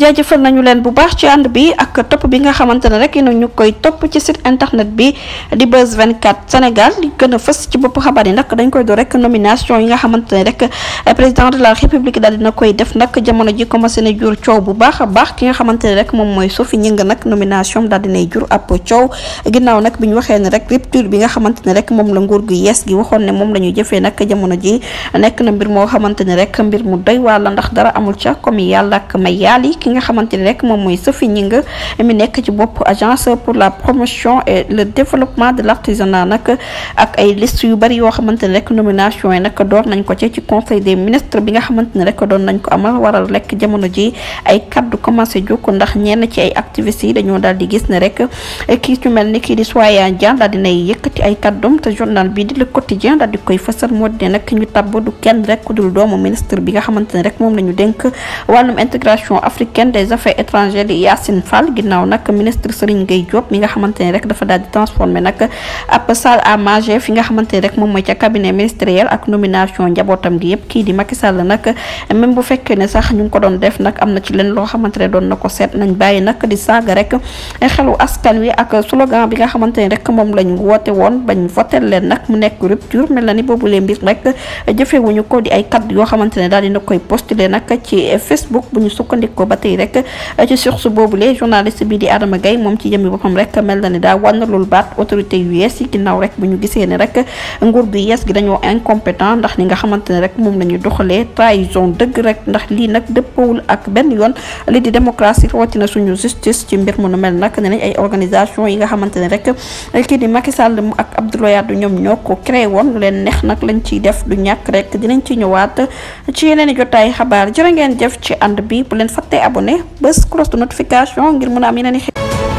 jaajëfal nañu leen bu baax ci ànd bi ak topp bi nga xamante ne rek ñu koy topp ci site internet bi di vingt 24 Sénégal li gën a fës ci bopp xabaar yi nag dañ koy do rek nomination yi nga xamante ne rek président de la république daal dina koy def nag jamono ji commencé na jur coow bu baax baax ki nga xamante ne rek moom mooy Sophie Gningue nag nomination daal dinay jur ab coow ginnaaw nag bi ñu waxee ne rek rupture bi nga xamante ne rek moom la nguur gu yees gi waxoon ne moom la ñu jëfee nag jamono ji nekk na mbir moo xamante ne rek mbir mu doy walla ndax dara amul ca comme yàlla ak may yàlla ki nga xamante ni rek moom mooy Sophie Ñing mi nekk ci bopp agence pour la promotion et le développement de l' artisanat nag ak ay liste yu bari yoo xamante ni rek nomination yi nag door nañ ko ci ci conseil des bi nga xamante ni rek doon nañ ko amal waral lekk jamono ji ay kaddu commencé jóg ndax ñenn ci ay activistes yi dañoo daal di gis ne rek kii ñu mel ni kii di Soya Dieng daal dinay yëkkati ay kaddum te journal bii di le quotidien daal di koy fësal moo di ne ñu tabb du kenn rek ku dul doomu ministre bi nga xamante ne rek moom la ñu dénk wàllum intégration afrique kenn end des affaires étrangères di Yacine Fall ginnaaw nag ministre Serigne Gueye Diop mi nga xamante ne rek dafa daal di transformé nag ab salle à manger fi nga xamante ne rek moom mooy ca cabinet ministériel ak nomination njabootam gi yëpp kii di Macky Sall nag même bu fekkee ne sax ñu ngi ko doon def nag am na ci leen loo xamante ne doon na ko seet nañ bàyyi nag di saaga rek xelu askan wi ak slogan bi nga xamante ne rek moom lañ woote woon bañ votel leen nag mu nekk rupture mel na ni boobu lee mbir rek jëfewuñu ko di ay kaddu yoo xamante ne daal dina koy postuler nag ci Facebook bu ñu sukkandikoo ba tey rek euh, ci source boobu le journaliste bi di Adama Gaye moom ci jëmmi boppam rek mel na ne daa wànnalul baat autorité yu yees yi ginnaaw rek bu ñu gisee ne rek nguur gu yees gi dañoo incompétent ndax li nga xamante rek moom la doxalee trahison dëgg rek ndax lii nag dëppawul ak benn yoon li di démocratie rawatina suñu justice ci mbir mu nu mel nag ne nañ ay organisation yi nga xamante ne rek kii di Macky Sall mu ak Abdoulaye Wade ñoom ñoo ko leen neex nag lañ ci def du ñakk rek dinañ ci ñëwaat ci yeneen i jotaay xabaar jërë ngeen jëf ci ànd abonné bés cloche de notification ngir mun a am yeneen